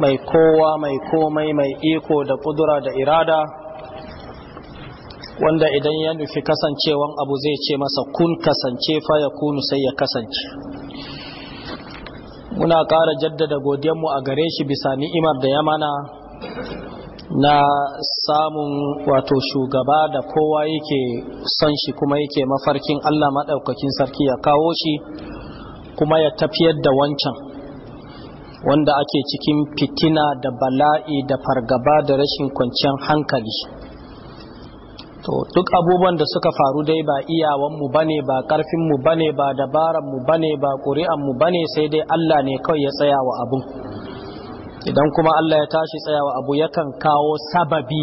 mai kowa mai komai mai iko da kudura da irada wanda idan ya nufi kasancewan abu zai ce masa kun kasance fa ya kunu sai ya kasance muna ƙara jaddada godiyanmu a gare shi bisa ni'imar da ya mana na samun wato shugaba da kowa yake son shi kuma yake mafarkin allah maɗaukakin sarki ya kawo shi kuma ya tafiyar da wancan wanda ake cikin fitina da bala'i da fargaba da rashin kwanciyar hankali to duk abubuwan da suka faru dai ba iyawanmu bane ba karfinmu bane ba dabaranmu bane ba ƙuri'anmu bane sai dai Allah ne kawai ya tsaya wa abu. idan kuma Allah ya tashi tsaya wa abu yakan kawo sababi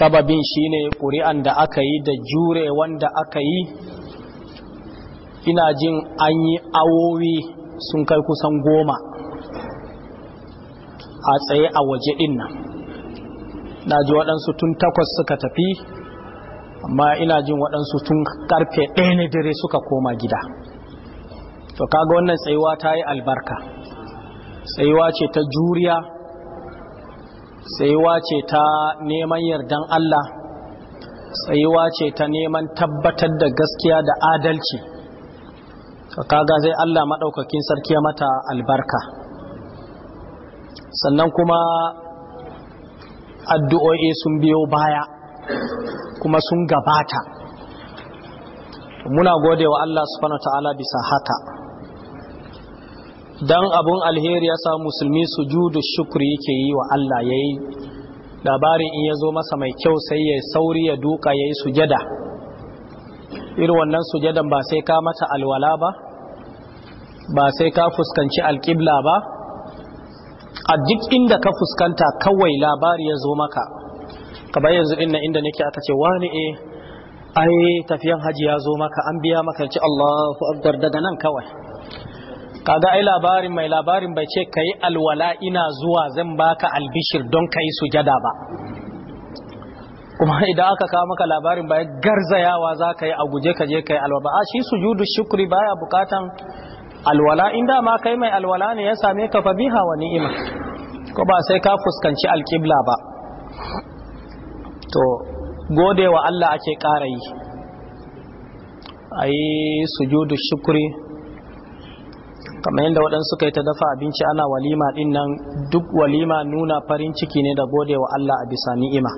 sababin shine ƙuri'an da aka yi da jure wanda aka yi ina jin an yi awowi sun kai kusan goma a tsaye a waje din nan na ji waɗansu tun takwas suka tafi amma ina jin waɗansu tun karfe ɗaya na dare suka koma gida to kaga wannan tsayuwa ta yi albarka tsayuwa ce ta juriya tsayuwa ce ta neman yardan Allah tsayuwa ce ta neman tabbatar da gaskiya da adalci kaga zai Allah maɗaukakin sarki mata albarka sannan kuma addu'o'i sun biyo baya kuma sun gabata muna gode wa Allah subhanahu wa ta'ala bisa haka dan abun alheri ya samu musulmi sujudu shukri yake yi wa Allah yayi labarin in ya zo masa mai kyau sai ya sauri ya duka yayi sujada irin wannan sujadan ba sai ka mata alwala ba ba sai ka fuskanci alkibla ba a duk inda ka fuskanta kawai labari ya zo maka ka bayan zuɗin na inda nake aka ce wani e eh, ai tafiyan haji ya zo maka an biya maka ce Allahu akbar daga nan kawai kaga ai labarin mai labarin bai ce kai alwala ina zuwa zan baka albishir don kai sujada ba kuma idan aka kawo maka labarin bai garzayawa za ka yi a guje ka je ka yi alwaba a shi sujudu shukri baya bukatan alwala in dama kai mai alwala ne ya same ka fa biha wa ni'ima ko ba sai ka fuskanci alƙibla ba to gode wa Allah ake ƙara yi ayi sujudu shukri kamar yadda waɗansu suka yi ta dafa abinci ana walima ɗin nan duk walima nuna farin ciki ne da gode wa Allah a bisa ni'ima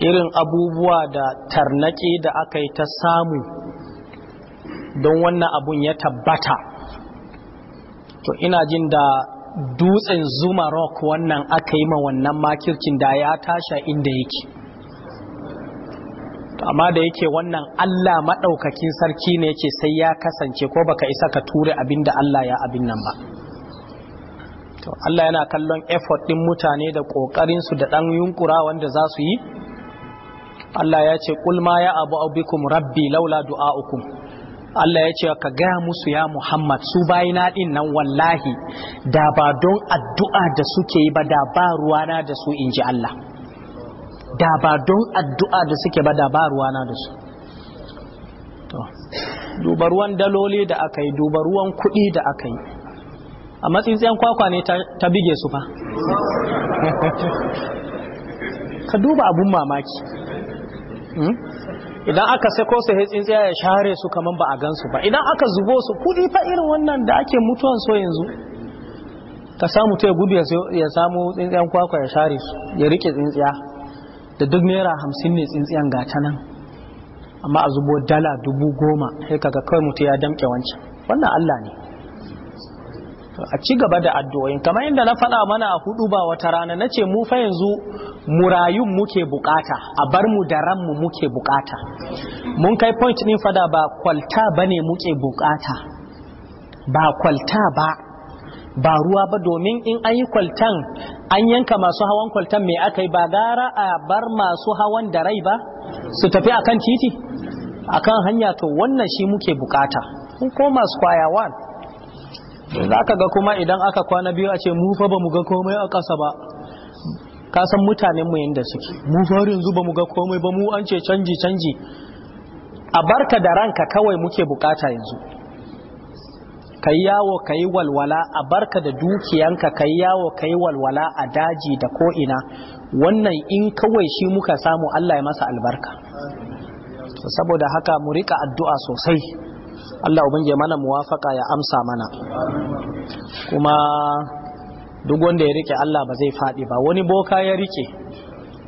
irin abubuwa da tarnaƙi da aka yi ta samu don wannan abun ya tabbata to ina jin da dutsen zuma rock wannan aka yi ma wannan makircin da ya tasha inda yake amma da yake wannan Allah maɗaukakin sarki ne yake sai ya kasance ko baka isa ka ture abin Allah ya abin nan ba to Allah yana kallon effort ɗin mutane da ƙoƙarinsu da ɗan yunkura wanda za su yi Allah ya ce ƙulma ya abu abikum rabbi laula du'a'ukum Allah ya ce ka gaya musu ya Muhammad su bayina din nan wallahi da ba don addu'a da suke yi ba da ba ruwana da su inji Allah da ba don addu'a da suke ba da ba ruwana da su duba ruwan daloli da aka yi duba ruwan kuɗi da aka yi a matsintsiyan kwakwa ne ta bige su fa ka duba abun mamaki hmm? idan aka sako su sai tsintsiya ya share su kaman ba a gansu ba idan aka zubo su kudi fa irin wannan da ake mutuwan so yanzu ka samu ta gudu ya samu tsintsiyan kwakwa ya share su ya rike tsintsiya da duk naira hamsin ne tsintsiyan ta nan amma a zubo dala dubu goma sai kaga kawai mutu ya damke wancan wannan allah ne a ci gaba da addu'o'in kamar yadda na faɗa mana a hudu ba wata rana nace mu fa yanzu murayun muke bukata a bar mu da ranmu muke bukata mun kai point ɗin fada ba kwalta bane muke bukata ba kwalta ba ba ruwa ba domin in an yi kwaltan an yanka masu hawan kwaltan mai aka yi ba gara a bar masu hawan da rai ba su tafi akan titi akan hanya to wannan shi muke bukata ko masu one. Zaka ga kuma idan aka kwana biyu a ce mu fa ba mu ga komai a ƙasa ba ka san mutanen mu yanda suke mu har yanzu ba mu ga komai ba mu an ce canji canji a barka da ranka kawai muke bukata yanzu ka yi yawo ka yi walwala a barka da dukiyanka ka yi yawo ka yi walwala a daji da ko'ina wannan in kawai shi muka samu Allah ya masa albarka saboda haka mu rika addu'a sosai Allah ubangiji mana muwafaka ya amsa mana kuma duk wanda ya rike Allah ba zai faɗi ba wani boka ya rike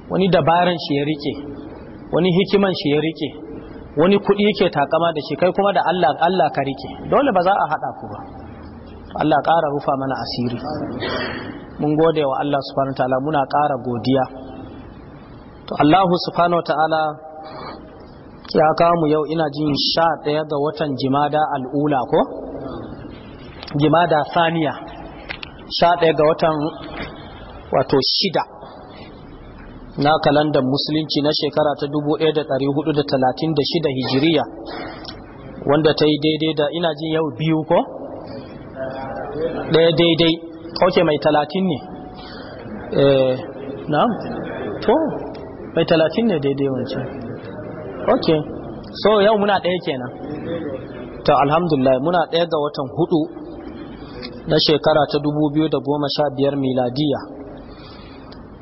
wani dabaran shi ya rike wani hikiman shi ya rike wani kuɗi yake takama da shi kai kuma da Allah Allah ka rike dole ba za a haɗa ku ba Allah ƙara rufa mana asiri mun gode wa Allah subhanahu wataala muna ƙara godiya to Allah subhanahu wataala ya kamu yau ina jin sha ɗaya ga watan jimada al'ula ko? jimada saniya sha ɗaya ga watan wato shida na kalandar musulunci na shekara ta 1436 hijiriya wanda ta yi daidai da ina jin yau biyu ko? ɗaya daidai ok mai talatin ne eh na? to mai talatin ne daidai wancan ok so yau muna ɗaya kenan ta alhamdulillah muna ɗaya ga watan hudu na shekara ta 2015 miladiya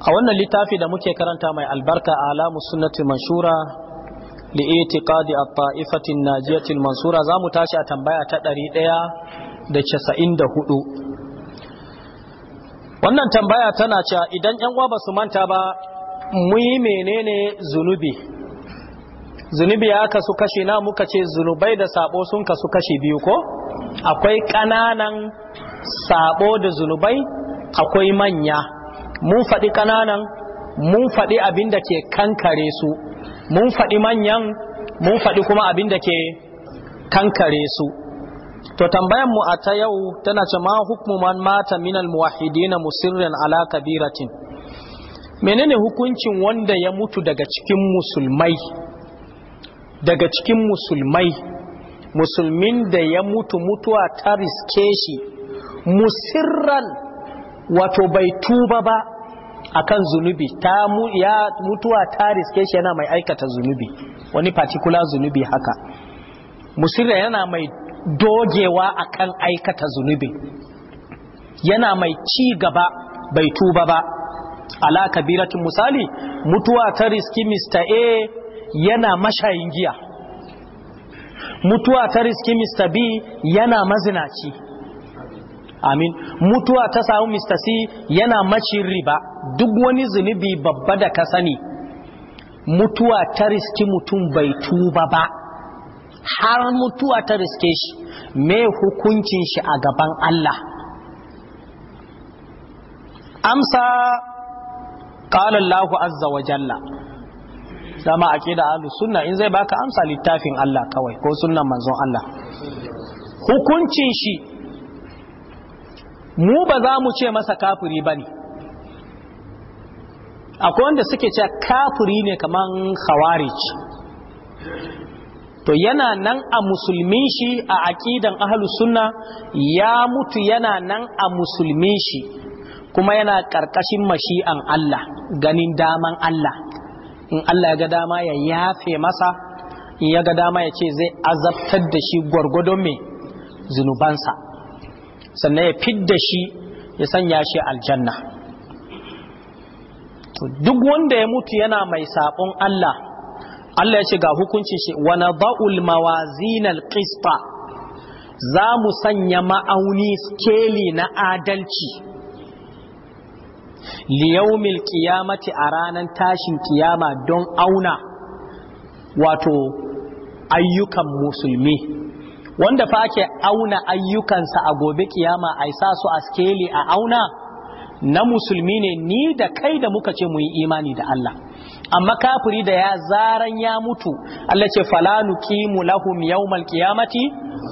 a wannan littafi da muke karanta mai albarka a alamu sunnati manshura li itiqadi at taifatin an-najiyati za mu tashi a tambaya ta 194 wannan tambaya tana cewa idan yan uwa su manta ba mu yi menene zunubi zunubi ya kasu kashi na muka ce zunubai da sabo sun kasu kashi biyu ko akwai ƙananan sabo da zunubai akwai manya mun faɗi ƙananan mun faɗi abin da ke kankare su mun faɗi manyan mun faɗi kuma abin da ke kankare su to tambayan mu a ta yau tana ce ma hukmu man mata minal muwahhidina musirran ala kabiratin menene hukuncin wanda ya mutu daga cikin musulmai daga cikin musulmai musulmin da ya mutu mutuwa ta riske shi musirran wato bai tuba ba akan zunubi ta ya mutuwa ta riske shi yana mai aikata zunubi wani particular zunubi haka musirra yana mai dogewa akan aikata zunubi yana mai ci gaba bai tuba ba ala kabiratin misali mutuwa ta riski Mr. A yana mashayin giya mutuwa ta riski Mr. B yana mazinaci amin mutuwa ta samu Mr. C yana macin riba duk wani zunubi babba da ka sani mutuwa ta riski mutum bai tuba ba har mutuwa ta riske shi mai hukuncin shi a gaban Allah amsa qala Allahu azza wa dama aqida ahlus sunna in zai baka amsa littafin Allah kawai ko sunnan manzon Allah hukuncin shi mu ba za mu ce masa kafiri ne. akwai wanda suke ce kafuri ne kaman khawarij to yana nan a musulmin shi a aƙidan ahlus sunna ya mutu yana nan a musulmin shi kuma yana ƙarƙashin mashi'an Allah ganin daman Allah in Allah ya ga dama ya yafe masa in ya ga dama ya ce zai azabtar da shi gwargwadon mai zunubansa sannan ya da shi ya sanya shi aljanna duk wanda ya mutu yana mai saɓon Allah Allah ya ce ga hukuncin shi wani ba'ul mawazinal qista za mu sanya ma'auni skeli na adalci liyaumil kiyamati a ranar tashin kiyama don auna wato ayyukan musulmi wanda fa ake auna ayyukansa a gobe kiyama a sa su a skeli a auna na musulmi ne ni da kai da muka ce muyi imani da Allah amma kafiri da ya zaran ya mutu Allah ce fala nuqimu lahum yawmal qiyamati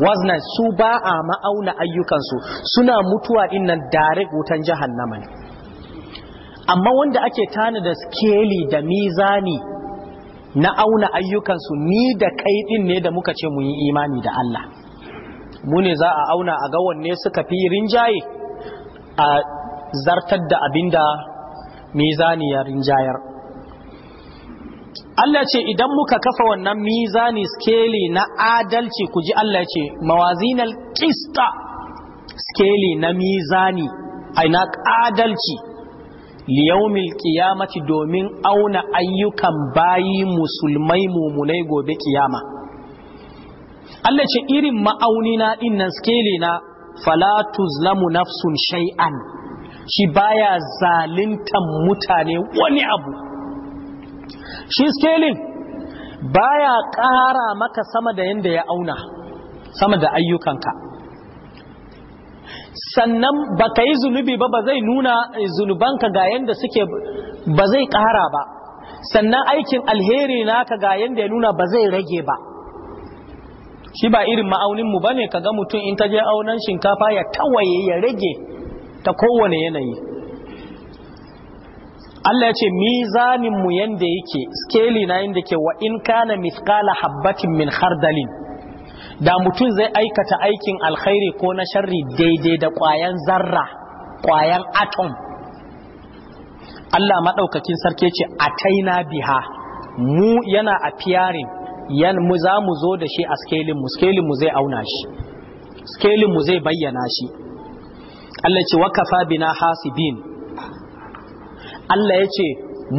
wazna su ba a ma'auna ayyukansu suna mutuwa dinnan direct wutan jahannama ne amma wanda ake tana da skeli da mizani na auna ayyukansu ni da kai din ne da muka ce mu yi imani da Allah mu ne za a auna a ga wanne suka fi rinjaye a zartar da abinda mizani ya rinjayar Allah ce idan muka kafa wannan mizani skeli na adalci ku ji Allah ce mawazinal qista skeli na mizani aina adalci liyaumil qiyamati domin auna ayyukan bayi musulmai mumunai gobe kiyama Allah ce irin ma'auni na din nan skele na fala tuzlamu nafsun shay'an shi baya zalintan mutane wani abu shi skelin baya ƙara maka sama da yanda ya auna sama da ayyukanka sannan ba ka yi zunubi ba ba zai nuna eh, zunubanka ga yadda suke ba zai ƙara ba sannan aikin alheri naka ga yadda ya nuna ba zai rage ba shi ba irin ma'auninmu ba ne ga mutum in ta je aunan shinkafa ya tawaye ya rage ta kowane yanayi Allah ya ce mizaninmu yadda yake skeli na yadda ke wa in kana mithqala habbatin min khardalin da mutum zai aikata aikin alkhairi ko na sharri daidai da ƙwayan zarra ƙwayan atom Allah maɗaukakin sarki ce a taina biha mu yana a fiyarin yan mu za mu zo da shi a skelin mu skelin mu zai auna shi skelin mu zai bayyana shi Allah ce wakafa bina hasibin Allah ya ce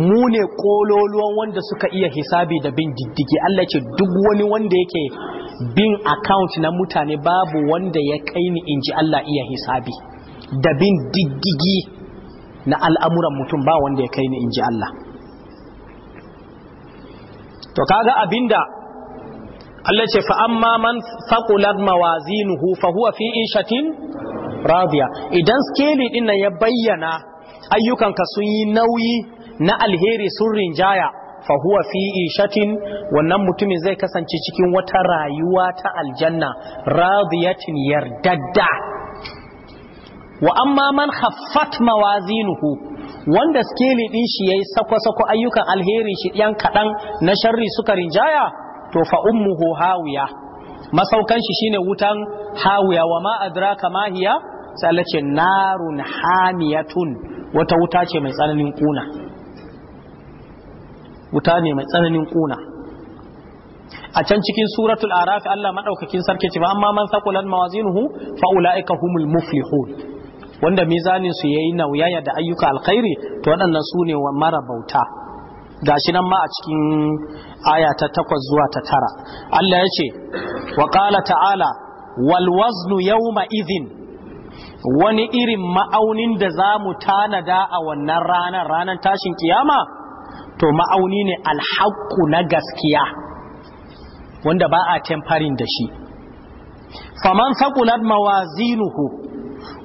mu ne kololuwan wanda suka iya hisabi da bin diddigi Allah ce duk wani wanda yake bin account na mutane babu wanda ya kai ni in ji Allah iya hisabi da bin diddigi na al'amuran mutum ba wanda ya kaini ni in ji Allah to kaga abinda Allah ce fa amma man faqulat mawazinuhu fa huwa fi ishatin radiya idan skeli din ya bayyana ayyukanka sun yi nauyi na alheri sun rinjaya fa huwa fi ishatin wannan mutumin zai kasance cikin wata rayuwa ta aljanna radiyatin yardadda wa amma man khaffat mawazinuhu wanda skeli din shi yayi sako-sako ayyukan alheri shi yan kadan na sharri suka rinjaya to fa ummuhu hawiya masaukan shi shine wutan hawiya wa ma adraka ma hiya sai Allah ce narun hamiyatun wata wuta ce mai tsananin kuna wuta ne mai tsananin kuna a can cikin suratul arafi Allah madaukakin sarki ce ba amma man saqulan mawazinuhu fa ulaika humul muflihun wanda mizanin su yayi nauyaya da ayyuka alkhairi to waɗannan su ne wa mara bauta gashi nan ma a cikin aya ta takwas zuwa ta tara Allah ya ce wa qala ta'ala wal waznu yawma idhin wani irin ma'aunin da za mu tanada a wannan ranar ranar tashin kiyama to ma'auni ne alhaƙu na gaskiya wanda ba a da shi faman saƙulat mawazinuhu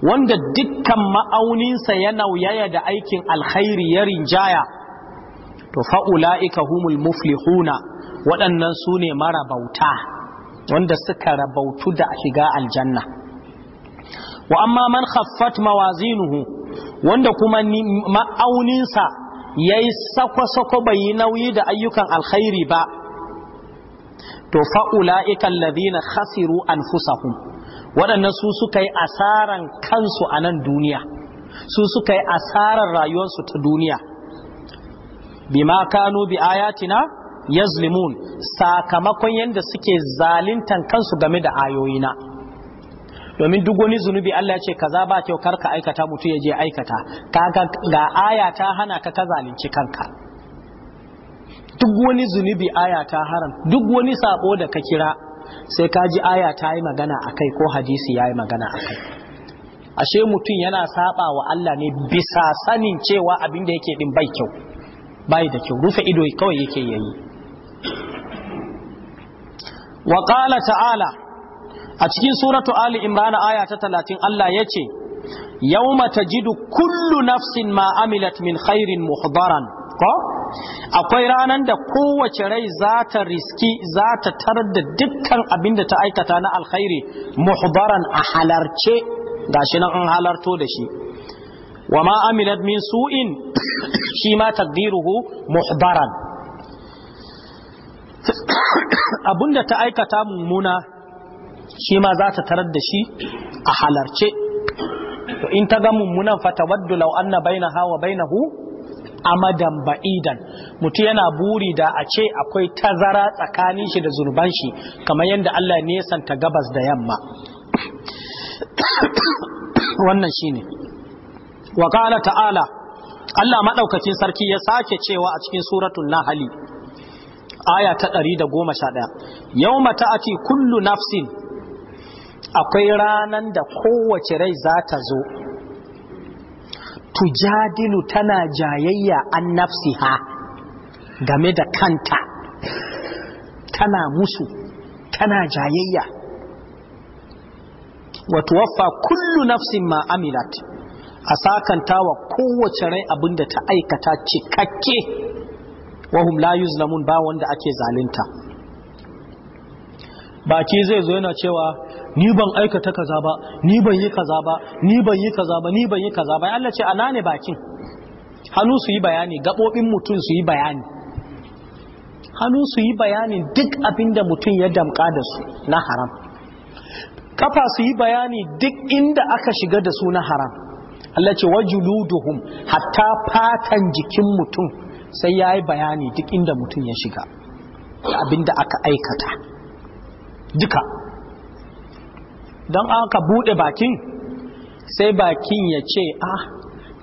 wanda dukkan ma'auninsa ya nauyaya da aikin alkhairi ya rinjaya to fa'ula'ika humul muflihuna waɗannan su ne marabauta wanda suka rabautu da shiga aljanna wa amma man khaffat mawazinuhu wanda kuma ma'auninsa ya yi sako-sako bai yi nauyi da ayyukan alkhairi ba to fa'ula'ikan ladina khasiru an fusahun waɗannan su suka yi asaran kansu a nan duniya su suka yi asaran rayuwarsu ta duniya ma kano bi ayatina yazlimun sakamakon yadda suke zalintan kansu game da ayoyina domin duk wani zunubi Allah ya ce kaza ba kyau karka aikata mutu ya je aikata kaga ga aya ta hana ka ka zalunci kanka duk wani zunubi aya ta haram duk wani sabo da ka kira sai ka ji aya ta yi magana kai. ko hadisi ya yi magana a kai. ashe mutum yana saba wa Allah ne bisa sanin cewa abin da yake din bai kyau bai da kyau rufe ido kawai yake yayi wa qala ta'ala a cikin suratu ali imran aya ta talatin Allah yace yawma tajidu kullu nafsin ma amilat min khairin muhdaran ko akwai ranar da kowace rai za ta riski za ta tarar da dukkan abin da ta aikata na alkhairi muhdaran a halarce shi nan an halarto da shi wa ma amilat min su'in shi ma taqdiruhu muhdaran da ta aikata mummuna shi ma za ta tarar da shi a halarce to in ta ga mummunan fata waddu law anna bainaha wa bainahu amadan ba'idan mutu yana buri da a ce akwai tazara tsakanin shi da zurban shi kamar yadda Allah ne ya santa gabas da yamma wannan shine wa qala ta'ala Allah madaukakin sarki ya sake cewa a cikin suratul nahli aya ta 111 yawma ta'ati kullu nafsin akwai ranan da kowace rai za ta zo tujadilu tana jayayya an nafsi ha. game da kanta tana musu tana jayayya wato wafa kullu nafsin ma amilat a sakanta wa kowace rai abinda ta aikata cikakke wahum la yuzlamun ba wanda ake zalunta baki zai zo yana cewa ni ban aikata kaza ba ni ban yi kaza ba ni ban yi kaza ba ni ban yi kaza ba Allah ce ana ne bakin hannu su yi bayani gabobin mutum su yi bayani hannu su yi bayani duk abinda mutum ya damka da su na haram kafa su yi bayani duk inda aka shiga da su na haram Allah ce wajuluduhum hatta fatan jikin mutum sai yayi bayani duk inda mutum ya shiga abinda aka aikata duka don aka buɗe bakin sai bakin ya ce ka ah,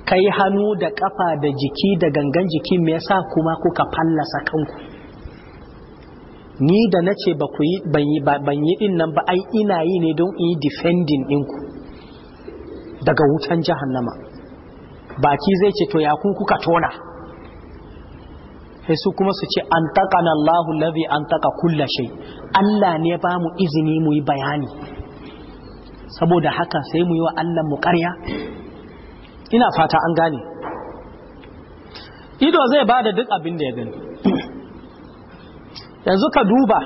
kai hannu da ƙafa da jiki da gangan jiki me yasa kuma kuka fallasa kanku ni da na ce ban yi din nan ba ai ina yi ne don in yi defending ɗinku daga wutan jahannama baki zai ce to ya kun kuka tona sai su kuma su ce an taƙa na Allahu an taƙa kulla shai Allah ne ba mu izini mu yi bayani saboda haka sai mu yi wa Allah mu ƙarya ina fata an gane ido zai ba da duk abin da ya gani yanzu ka duba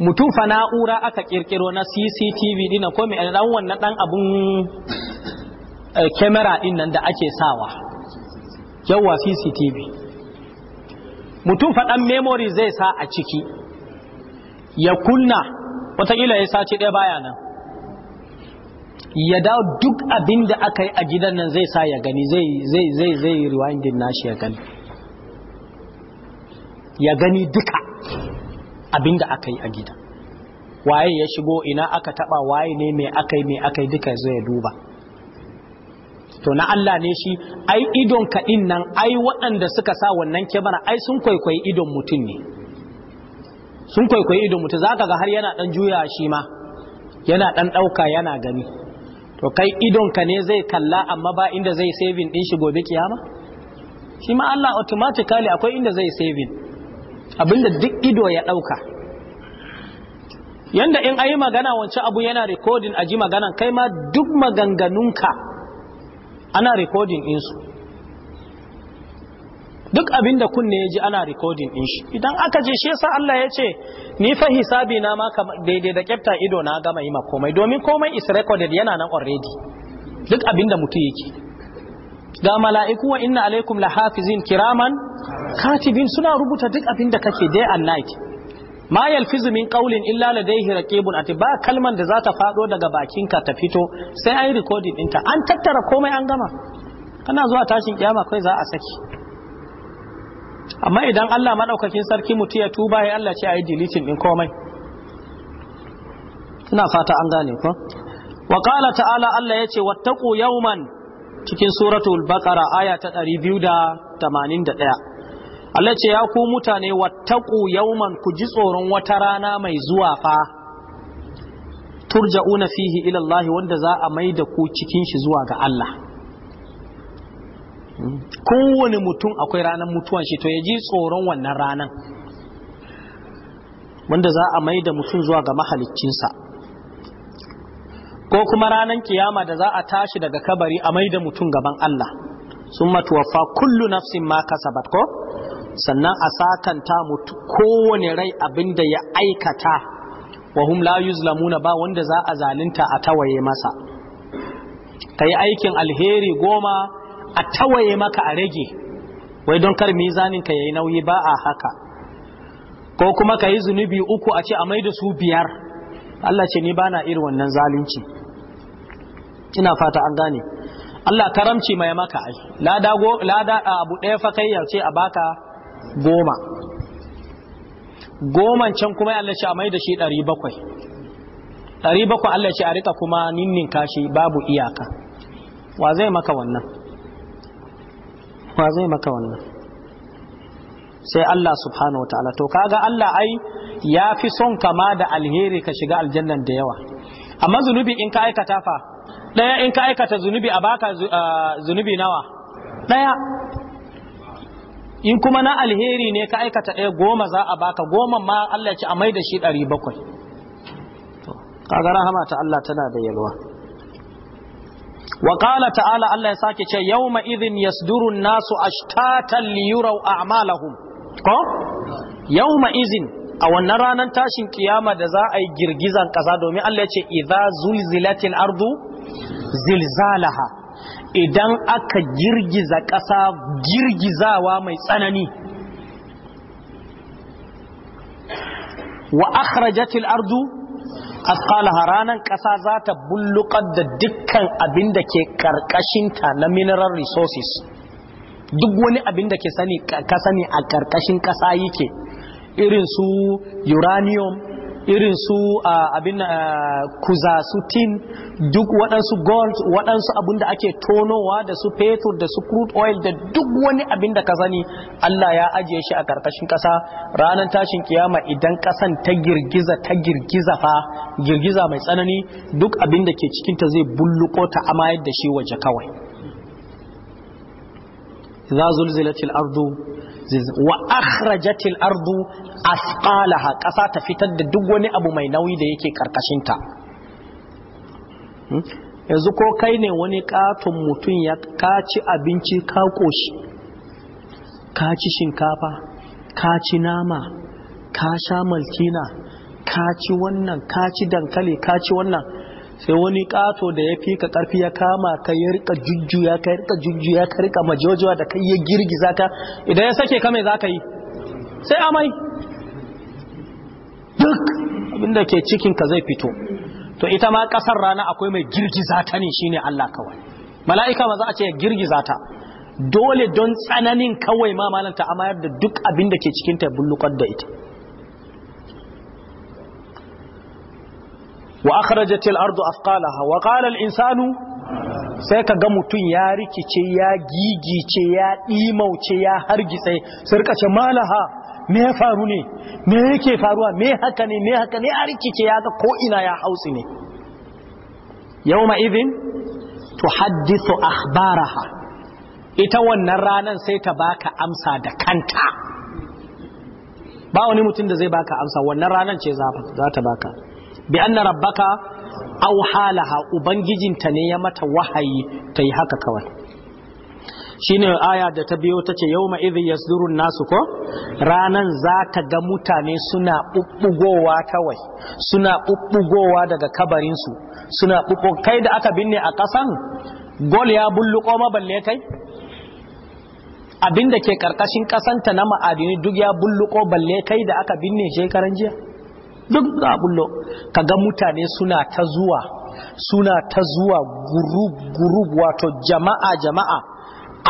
mutum fa na'ura aka kirkiro na cctv dina ko mai dan wannan dan abun kamera eh, din nan da ake sawa yawa cctv mutum fa dan memory zai sa a ciki ya kunna ila ya sace ɗaya baya nan ya dawo duk abin da aka yi a gidan nan zai sa ya gani zai zai zai rewinding nashi ya gani ya gani duka abin da aka yi a gidan waye ya shigo ina aka taba waye ne mai aka yi mai aka yi duka zai duba to na Allah ne shi ai idon kaɗin nan ai waɗanda suka sa wannan kyamara ai sun kwaikwayi idon mutum ne sun kwaikwayi idon mutu ka ga har yana dan juya shi ma yana dan dauka yana gani to kai idon ka ne zai kalla amma ba inda zai saving din shi gobe kiyama shi ma Allah automatically akwai inda zai saving abinda duk ido ya dauka yanda in ayi magana wance abu yana recording ji magana kai ma duk maganganunka ana recording insu duk abin da kunne ya ji ana rikodin din shi idan aka je shi yasa Allah ya ce ni fa hisabi na ma daidai da kyafta ido na gama yi makomai domin komai is recorded yana nan already duk abin da mutum yake ga mala'iku wa inna alaikum lahafizin kiraman katibin suna rubuta duk abin da kake day and night ma yalfizu min qawlin illa ladayhi raqibun ati ba kalman da zata fado daga bakinka ta fito sai ai recording ɗinta an tattara komai an gama kana zuwa tashin kiyama kai za a saki amma idan Allah maɗaukakin sarki mutu ya tuba ya Allah ce a yi deleting ɗin komai ina fata an gane ko wa qala ta'ala Allah yace wattaqu yawman cikin suratul baqara aya ta 281 Allah ce ya ku mutane wattaqu yawman ku ji tsoron wata rana mai zuwa fa turja'una fihi ila Allah wanda za a maida ku cikin shi zuwa ga Allah kowane mutum akwai ranar mutuwan shi to ya ji tsoron wannan ranar wanda za a mai da mutum zuwa ga mahalicinsa ko kuma ranar kiyama da za a tashi daga kabari a mai da mutum gaban Allah sun matuwafa kullu nafsin ma kasa ko sannan a sakanta mutu kowane rai abinda ya aikata wa hum la yuzlamuna ba wanda za a zalunta a tawaye masa Ka yi aikin alheri goma a tawaye maka a rage wai don kar mizanin ka yayi nauyi ba a haka ko kuma ka yi zunubi uku a ce a maida su biyar Allah ce ni bana irin wannan zalunci ina fata an gane Allah karamci mai maka ai lada go lada abu ɗaya fa kai ya ce a baka goma goman can kuma Allah ce a maida shi ɗari bakwai ɗari bakwai Allah ce a rika kuma ninnin kashi babu iyaka wa zai maka wannan wa zai maka wannan sai Allah subhanahu ta'ala to kaga Allah ai ya fi son kama da alheri ka shiga aljannan da yawa amma zunubi in ka aikata fa daya in ka aikata zunubi a baka zunubi nawa daya in kuma na alheri ne ka aikata ɗaya goma za a baka goma ma Allah ya ci a mai da shi ɗari bakwai kaga rahama ta Allah tana da yalwa wa qala ta'ala Allah ya sake ce yawma idhin yasduru an-nasu ashtatan liyuraw a'malahum ko yawma idhin a wannan ranar tashin kiyama da za a yi girgizan kasa domin Allah ya ce idza zulzilatil ardu zilzalaha idan aka girgiza kasa girgizawa mai tsanani wa akhrajatil ardu asqalaha ranan kasa za ta bulluƙar da dukkan abin da ke ƙarƙashinta na mineral resources duk wani abin da ka sani a ƙarƙashin ƙasa yake irin su uranium irin su abin kuza su tin duk waɗansu gold waɗansu abin da ake tonowa da su fetur da su crude oil da duk wani abin da ka sani Allah ya ajiye shi a ƙarƙashin ƙasa ranar tashin kiyama idan ƙasan ta girgiza ta girgiza fa girgiza mai tsanani duk abin da ke cikinta zai bulluko ta amayar da shi waje kawai za zulzilatil ardu wa akhrajatil ardu asqalaha ƙasa ta fitar da duk wani abu mai nauyi da yake karkashinta hmm? yanzu ko kai ne wani katon mutum ya kaci abinci ka koshi ka ci shinkafa ka ci nama ka sha malkina ka ci wannan ka ci dankali ka ci wannan sai wani kato da ya fi ka karfi ya kama ka ya rika jujjuya ka ya rika jujjuya ka rika majojuwa da kai ya girgiza ka idan ya sake kame za ka yi sai amai duk abinda ke cikin ka zai fito to ita ma kasar rana akwai mai girgiza ta ne shine Allah kawai mala'ika ma za a ce ya girgiza ta dole don tsananin kawai ma malanta amayar da duk abinda ke cikin ta bullukar da ita wa akhrajat al-ardu athqalaha wa qala al-insanu sai ka ga mutum ya rikice ya gigice ya dimauce ya hargitse sai rika malaha me ya faru ne me yake faruwa me haka ne me haka ne ya rikice ya ga ko ina ya hausi ne yawma idhin tuhaddithu akhbaraha ita wannan ranan sai ta baka amsa da kanta ba wani mutum da zai baka amsa wannan ranan ce za ta baka bi anna rabbaka aw halaha ubangijinta ne ya mata wahayi ta yi haka kawai shine aya da ta biyo ta tace yawma idhi yasdurun nasu ko ranan za ta ga mutane suna ɓuɓɓugowa kawai suna ɓuɓɓugowa daga kabarinsu? suna bubbu kai da aka binne a kasan gol ya bulluko ma balle kai abinda ke karkashin kasanta na ma'adini duk ya bulluko balle kai da aka binne shekaran jiya duk da bullo kaga mutane suna ta zuwa suna ta zuwa gurub gurub wato jama'a jama'a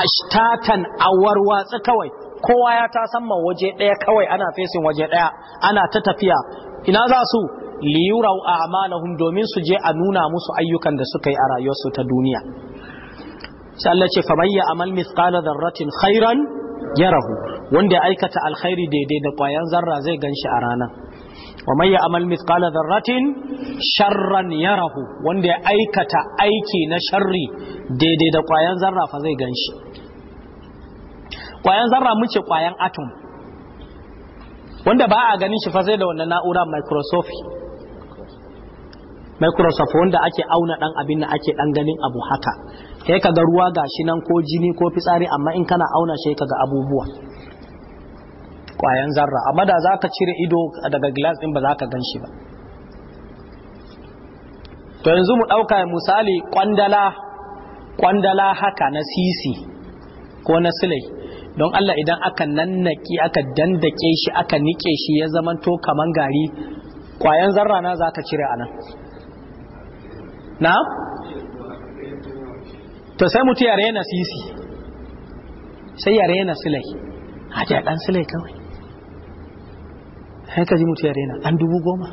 ashtatan awarwatsa kawai kowa ya ta ma waje ɗaya kawai ana fesin waje ɗaya ana ta tafiya ina za su liyurau a'malahum domin su je a nuna musu ayyukan da suka yi a rayuwarsu ta duniya sai Allah ce fa ya amal mithqala dharratin khairan yarahu wanda ya aikata alkhairi daidai da kwayan zarra zai ganshi a ranar wa mai amal mitsala zarratin sharran rahu wanda ya aikata aiki na sharri daidai da kwayan zarra fa zai gan shi. kwayan zarra muke kwayan atom wanda ba a ganin shi fa zai da wannan na'ura microsoft microsoft wanda ake auna dan abin da ake dan ganin abu haka sai ga ruwa gashi nan ko jini ko fitsari amma in kana auna shi ga abubuwa kwayan zarra amma da za ka cire ido daga glass din ba za ka ganshi ba to yanzu mu ɗauka misali kwandala kwandala haka na sisi ko na silai don Allah idan aka nannaki aka dandake shi aka nike shi ya to kaman gari kwayan zarra na za ka cire a nan na? to sai mutu ya rena sisi sai yare na silai a ɗan silai kawai sai ka ji mutu ya rena an dubu goma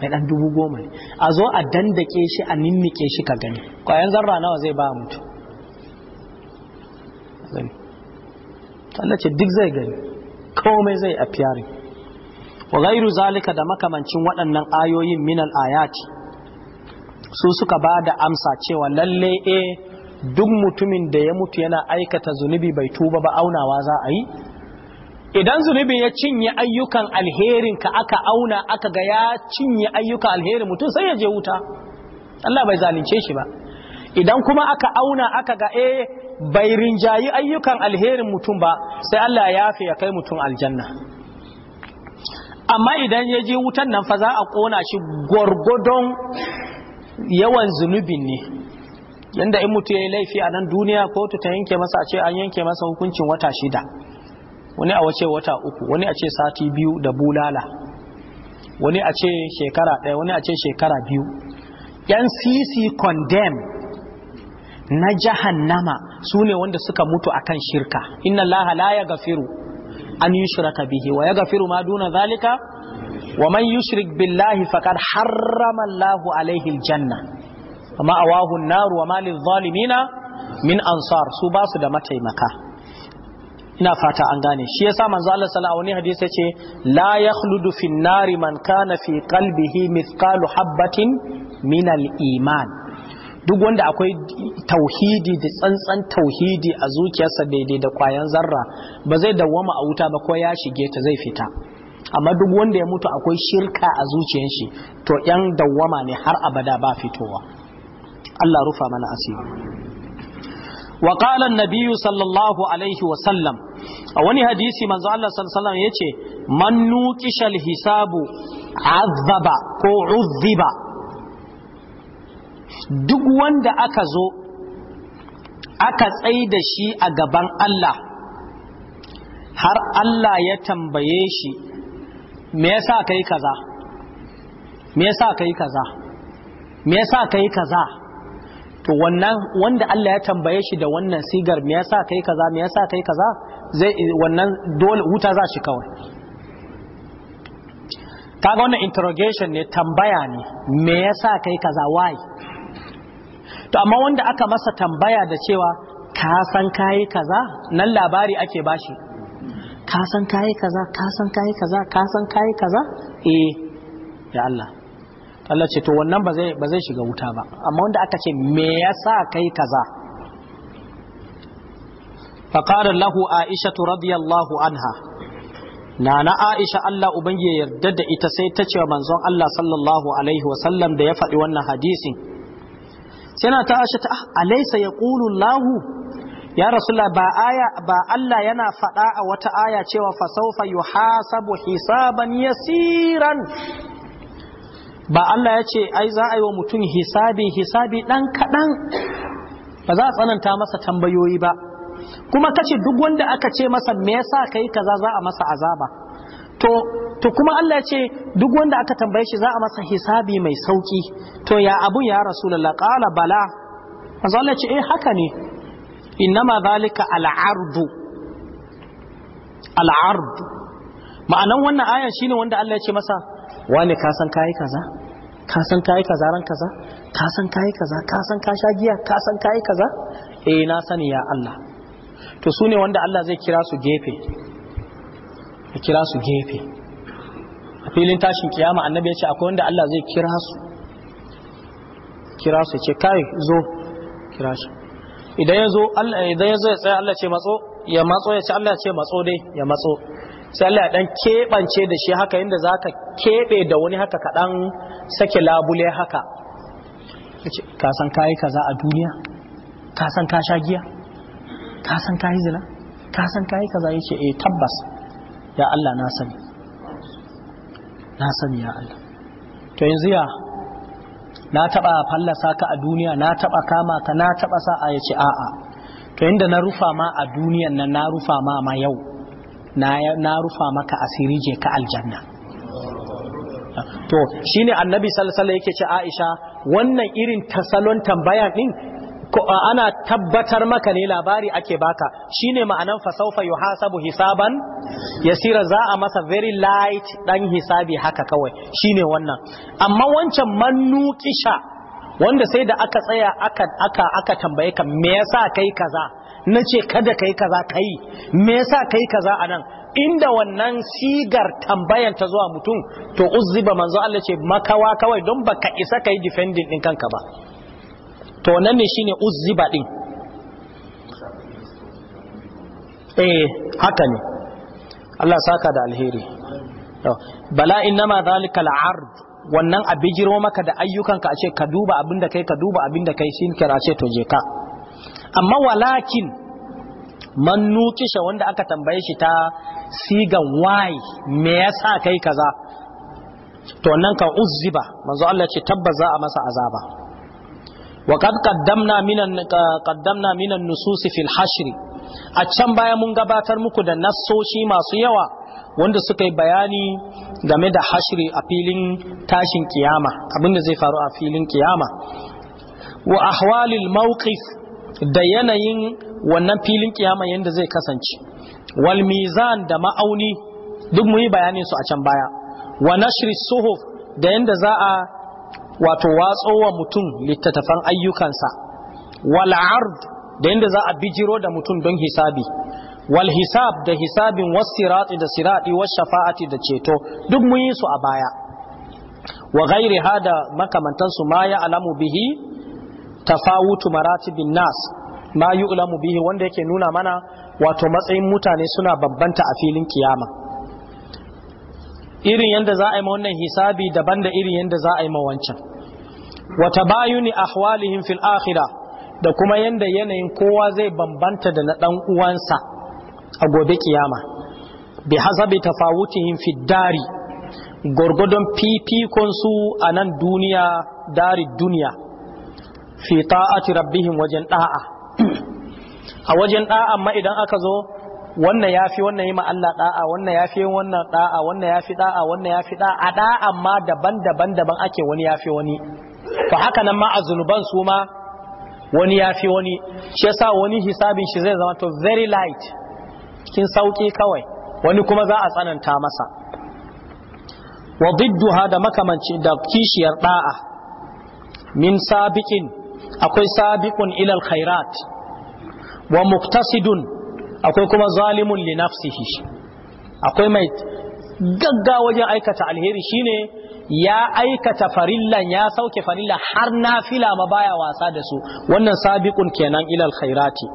mai dan dubu goma ne a zo a dandake shi a nimmike shi ka gani kwayan zarra nawa zai ba mutu Allah ce duk zai gani komai zai a fiyari wa gairu zalika da makamancin waɗannan ayoyin minal ayati su suka ba da amsa cewa lalle e duk mutumin da ya mutu yana aikata zunubi bai tuba ba aunawa za a yi idan zunubin ya cinye ayyukan alherin ka aka auna aka ga ya cinye ayyukan alherin mutum sai ya je wuta Allah bai zalunce shi ba idan kuma aka auna aka ga eh bai rinjayi ayyukan alherin mutum ba sai Allah ya yafe ya kai mutum aljanna amma idan ya je wutan nan fa za a kona shi gwargwadon yawan zunubin ne yanda in mutum ya yi laifi a nan duniya kotu ta yanke masa a ce an yanke masa hukuncin wata shida wani a wace wata uku wani a ce sati biyu da bulala wani a ce shekara ɗaya wani a ce shekara biyu yan sisi condemn na jahannama su ne wanda suka mutu akan shirka inna laha la gafiru an shiraka bihi wa gafiru ma duna zalika wa man yushrik billahi Fakar harrama Lahu alaihi Janna. amma a an-nar wa ma zalimina min ansar su basu da mataimaka ina fata an gane shi yasa manzo Allah sallallahu alaihi hadisi ce la yakhludu fin nari man kana fi qalbihi mithqalu habatin min al-iman duk wanda akwai tauhidi da tsantsan tauhidi a zuciyarsa daidai da kwayan zarra ba zai dawwama a wuta ba ko ya shige ta zai fita amma duk wanda ya mutu akwai shirka a zuciyar shi to yan dawwama ne har abada ba fitowa Allah rufa mana asiri wa qala an sallallahu alaihi wa sallam a wani hadisi manzo Allah sallallahu alaihi yace man nuqishal hisabu azaba ko uzziba duk wanda aka zo aka tsai da shi a gaban Allah har Allah ya tambaye shi me yasa kai kaza me yasa kai kaza me yasa kai kaza to wannan wanda Allah ya tambaye shi da wannan sigar me yasa kai kaza me yasa kai kaza zai wannan dole wuta za shi kawai kaga wannan interrogation ne tambaya ne me yasa kai kaza why to amma wanda aka masa tambaya da cewa ka san kai kaza nan labari ake bashi ka san kai kaza ka san kai kaza ka san kai kaza eh ya Allah Allah ce to wannan ba zai ba zai shiga wuta ba amma wanda aka ce me yasa kai kaza fa qala lahu aisha radiyallahu anha nana aisha Allah ubangi ya yarda da ita sai ta ce manzon Allah sallallahu alaihi wa sallam da ya faɗi wannan hadisin sai ta aisha ta ah, alaysa yaqulu lahu ya rasulullah ba aya ba Allah yana faɗa a wata aya cewa fa sawfa yuhasabu hisaban yasiran ba Allah ya ce ai za a yi wa mutum hisabi hisabi ɗan kaɗan ba za a tsananta masa tambayoyi ba kuma kace duk wanda aka ce masa me yasa kai kaza za a masa azaba to to kuma Allah ya ce duk wanda aka tambaye shi za a masa hisabi mai sauki to ya abun ya rasulullah qala bala manzo Allah ce eh haka ne innama zalika al'ardu al'ardu ma'anan wannan ayan shine wanda Allah ya ce masa wane ka san kayi kaza ka san kayi kaza ran kaza ka san kayi kaza ka san ka sha giya ka san kayi kaza eh na sani ya Allah to su ne wanda Allah zai kira su gefe ya kira su gefe a filin tashin kiyama annabi ya ce akwai wanda Allah zai kira su kira su ce kai zo kira shi idan ya zo idan ya zo ya tsaya Allah ce matso ya matso ya ce Allah ce matso dai ya matso sai Allah dan keɓance da shi haka inda za ka keɓe da wani haka kaɗan sake labule haka ka san ka yi kaza a duniya ka san ka sha giya ka san ka yi zina ka san ka yi kaza ya ce eh tabbas ya Allah na sani na sani ya Allah to yanzu ya na taɓa fallasa ka a duniya na taɓa kama ka na taɓa sa'a ya ce a'a to inda na rufa ma a duniyan nan na rufa ma ma yau na rufa maka asiri je ka aljanna to shine annabi sallallahu alaihi yake ce Aisha wannan irin tasalon tambaya din ko ana tabbatar maka ne labari ake baka shine ma'anan fasaufa yuhasabu hisaban yasira za a masa very light dan hisabi haka kawai shine wannan amma wancan mannu kisha wanda sai da aka tsaya aka aka tambaye ka me yasa kai kaza na ce kada ka yi kaza ka yi me yasa ka yi kaza a nan inda wannan sigar tambayan ta zuwa mutum to uzziba manzo Allah ce makawa kawai don baka isa ka yi defending din kanka ba to nan ne shine uzziba din eh haka ne Allah saka da alheri bala innama zalika al-ard wannan abijiro maka da ayyukanka a ce ka duba abinda kai ka duba abinda kai shin kira ce to je ka amma walakin man nukisha wanda aka tambaye shi ta sigan why me yasa kai kaza to nan kan uzziba manzo Allah ce tabbas za a masa azaba wa qad qaddamna minan qaddamna minan nusus fil hashr a can baya mun gabatar muku da nassoshi masu yawa wanda suka yi bayani game da hashri a filin tashin kiyama abinda zai faru a filin kiyama wa ahwalil mawqif da yanayin wannan filin kiyama yadda zai kasance wal mizan da ma'auni duk muyi bayanin su a can baya wa nashri suhuf da yadda za a wato watso wa mutum littattafan ayyukansa wal ard da yadda za a bijiro da mutum don hisabi wal hisab da hisabin was sirati da sirati was shafa'ati da ceto duk muyi su a baya wa ghairi hada makamantansu ma ya alamu bihi tafawutu maratibin nas ma yu'lamu bihi wanda yake nuna mana wato matsayin mutane suna bambanta a filin kiyama irin yadda za a yi ma wannan hisabi daban da irin yadda za a yi ma wancan wa tabayuni ahwalihim fil akhirah da kuma yadda yanayin kowa zai bambanta da na dan uwansa a gobe kiyama bi hasabi tafawutihim fid dari gorgodon fifikon su a nan duniya dari duniya fi ta'ati rabbihim wajen da'a a wajen da'a amma idan aka zo wannan yafi wannan yi ma Allah da'a wannan yafi wannan da'a wannan yafi da'a wannan yafi da'a a da'a ma daban-daban daban ake wani yafi wani to haka nan ma a zunuban su ma wani yafi wani shi yasa wani hisabin shi zai zama to very light Kin sauki kawai wani kuma za a tsananta masa wa didduha da makamanci da kishiyar da'a min sabiqin akwai sabiqun ilal khairat wa muktasidun akwai kuma zalimun li nafsihi akwai mai gagga wajen aikata alheri shine ya aikata farillan ya sauke farilla har nafila ma baya wasa da su wannan sabiqun kenan ilal khairati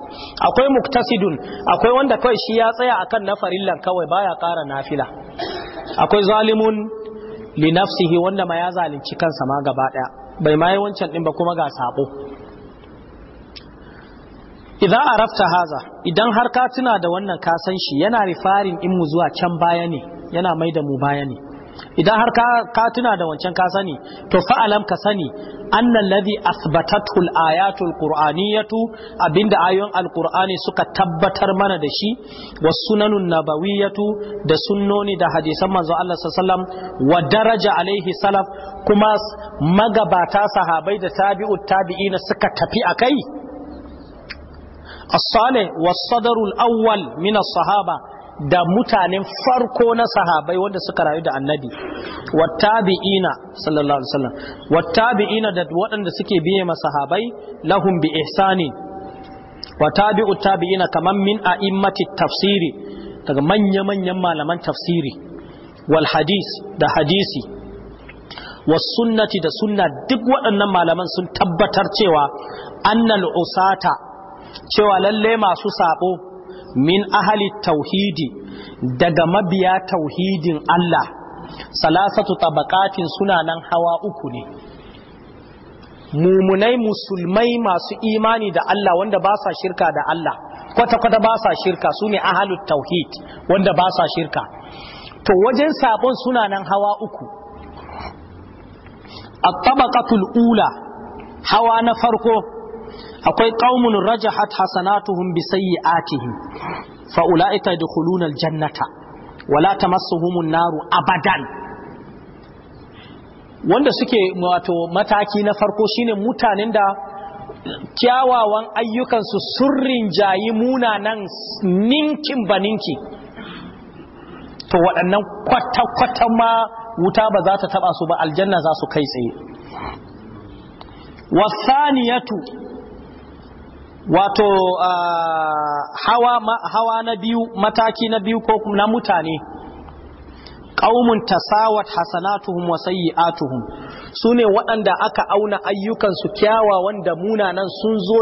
akwai muktasidun akwai wanda kawai shi ya tsaya akan na farillan kawai baya ƙara nafila akwai zalimun li nafsihi wanda ma ya zalunci kansa ma gaba daya bai ma wancan ɗin ba kuma ga sabo idan arafta haza idan har ka tuna da wannan ka shi yana rifarin in mu zuwa can baya ne yana mai da mu baya ne idan har ka tuna da wancan ka sani to fa'alam ka sani annan ladhi asbatatul ayatul qur'aniyatu abinda ayoyin alqur'ani suka tabbatar mana da shi wa sunanun nabawiyatu da sunnoni da hadisan manzo Allah sallallahu wa daraja alaihi salaf kuma magabata sahabai da tabi'u tabi'ina suka tafi akai as-salih was-sadrul awwal min as-sahaba da mutanen farko na sahabai wanda suka rayu da annabi wattabi'ina sallallahu alaihi wasallam wattabi'ina da waɗanda suke biye ma sahabai lahum bi ihsani wattabi'u tabi'ina kaman min a'immati tafsiri daga manya manyan malaman tafsiri wal hadis da hadisi was sunnati da sunna duk waɗannan malaman sun tabbatar cewa annal usata cewa lalle masu sabo min ahali tauhidi daga mabiya tauhidin Allah salasatu tabaqatin suna nan hawa uku ne mumunai musulmai masu imani da Allah wanda ba sa shirka da Allah kwata-kwata ba sa shirka su ne ahalut tauhid wanda ba sa shirka to wajen sabon suna nan hawa uku a tabaqatul ula hawa na farko akwai qaumun rajahat hasanatuhum bi sayyi'atihim fa ulaika yadkhuluna aljannata wala an naru abadan wanda suke wato mataki na farko shine mutanen da kyawawan ayyukansu surrin jayi munanan ninkin ba to waɗannan kwata-kwata ma wuta ba za ta taba su ba aljanna za su kai tsaye wasaniyatu wato hawa, hawa na biyu mataki na biyu ko na mutane ƙaumun tasawat hasanatuhum wa sayyi'atuhum su ne waɗanda aka auna ayyukansu kyawawan da munanan sun zo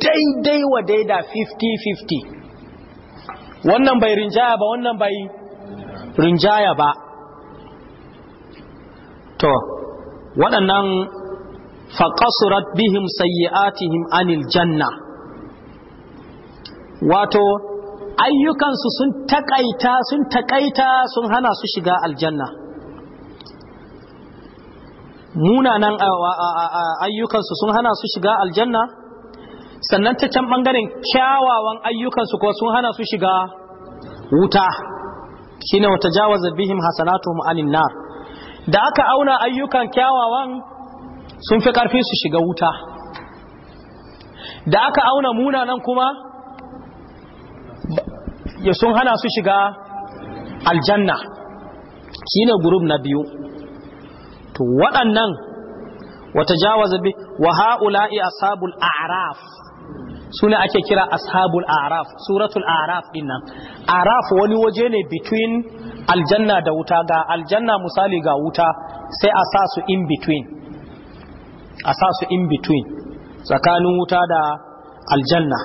daidai wa daida 50-50 wannan bai rinjaya ba wannan bai rinjaya ba to waɗannan faƙasurat bihim sayyi'atihim anil janna wato ayyukansu sun takaita sun takaita sun hana su shiga aljanna munanan ayyukansu sun hana su shiga aljanna sannan ta can bangaren kyawawan ayyukansu ko sun hana su shiga wuta shine wata jawaza bihim hasanatuhum anin nar da aka auna ayyukan kyawawan sun fi karfi su shiga wuta da aka auna munanan kuma ya sun hana su shiga aljanna shi ne gurub na biyu to waɗannan wata jawaza bi wa haula'i ashabul a'raf sune ake kira ashabul a'raf suratul a'raf dinnan a'raf wani waje ne between aljanna da wuta ga aljanna misali ga wuta sai a sa su in between a sa su in between tsakanin wuta da aljanna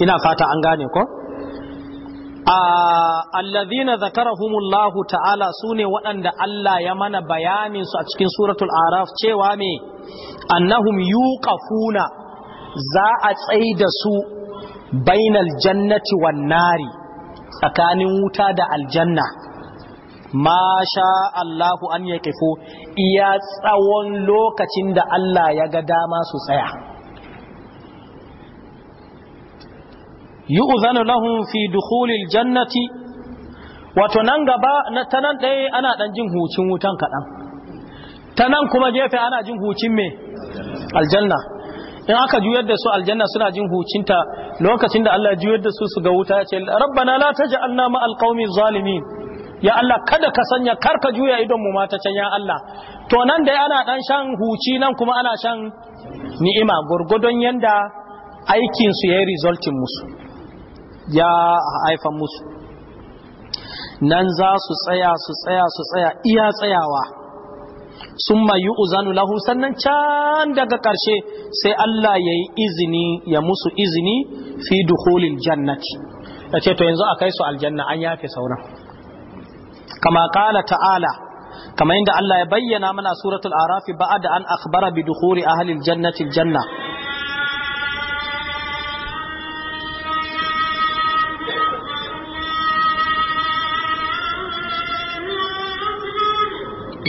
ina fata an gane ko alladhina zakarahumullahu ta'ala sune waɗanda Allah ya mana bayanin su a cikin suratul araf cewa me annahum yuqafuna za a tsaida su bainal jannati wan nari tsakanin wuta da aljanna masha Allahu an yaqifo iya tsawon lokacin da Allah ya ga dama su tsaya yu'zanu lahum fi dukhulil jannati wato nan gaba ta nan ɗaya ana ɗan jin hucin wutan kaɗan nan kuma gefe ana jin hucin me aljanna in aka juyar da su aljanna suna jin hucinta lokacin da Allah juyar da su su ga wuta ya ce rabbana la taj'alna ma alqaumi zalimin ya Allah kada ka sanya karka juya idon mu mata can ya Allah to nan dai ana dan shan huci nan kuma ana shan ni'ima gurgudon yanda aikin su yayi resultin musu ya haifan musu nan za su tsaya su tsaya su tsaya iya tsayawa sun mayu uzanu lahu sannan can daga ƙarshe sai Allah ya yi izini ya musu izini fi duhulil jannati ya ce to yanzu a kai su aljanna an yafe sauran kama ƙala ta'ala allah ya bayyana mana suratul arafi الأعراف an أن أخبر a halin الجنة janna.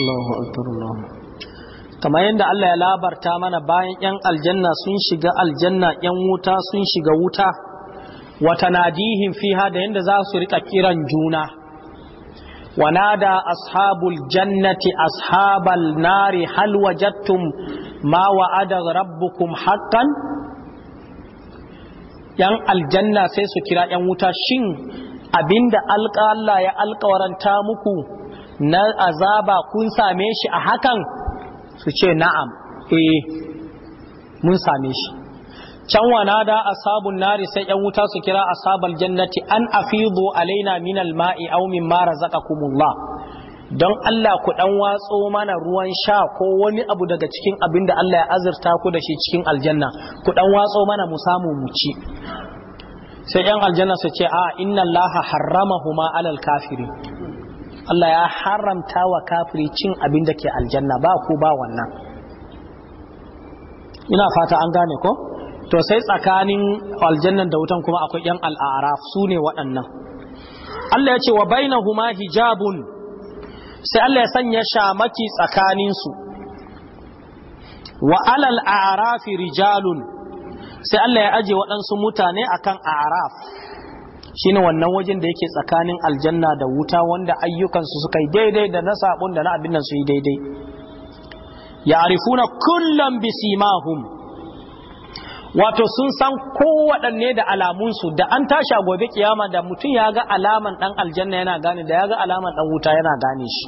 Allahu akbar kamar yadda Allah ya labarta mana bayan yan aljanna sun shiga aljanna yan wuta sun shiga wuta wata tanadihim fiha da yadda za su rika kiran juna wanada ashabul jannati ashabal nari hal wajadtum ma wa'ada rabbukum haqqan yan aljanna sai su kira yan wuta shin abinda alƙa Allah ya alƙawaranta muku na azaba kun same shi a hakan su ce na'am eh mun same shi can wana da asabun nari sai yan wuta su kira asabal jannati an afidu alaina minal mara aw ma razaqakumullah don Allah ku dan watso mana ruwan sha ko wani abu daga cikin abin da Allah ya azurta ku da shi cikin aljanna ku dan watso mana mu samu mu ci sai yan aljanna su ce a inna Allah harramahuma alal kafiri Allah ya haramta wa kafiri cin abin da ke aljanna ba ko ba wannan ina fata an gane ko to sai tsakanin aljannan da wutan kuma akwai yan al'araf su ne waɗannan Allah ya ce wa bainahuma hijabun sai Allah ya sanya shamaki tsakanin su wa alal a'rafi rijalun sai Allah ya aje waɗansu mutane akan a'raf shine wannan wajen da yake tsakanin aljanna da wuta wanda ayyukansu suka yi daidai da na sabon da na abin nan su yi daidai ya'rifuna kullam bisimahum wato sun san kowaɗanne da alamunsu da an tashi a gobe kiyama da mutum ya ga alaman ɗan aljanna yana gane da ya ga alaman ɗan wuta yana gane shi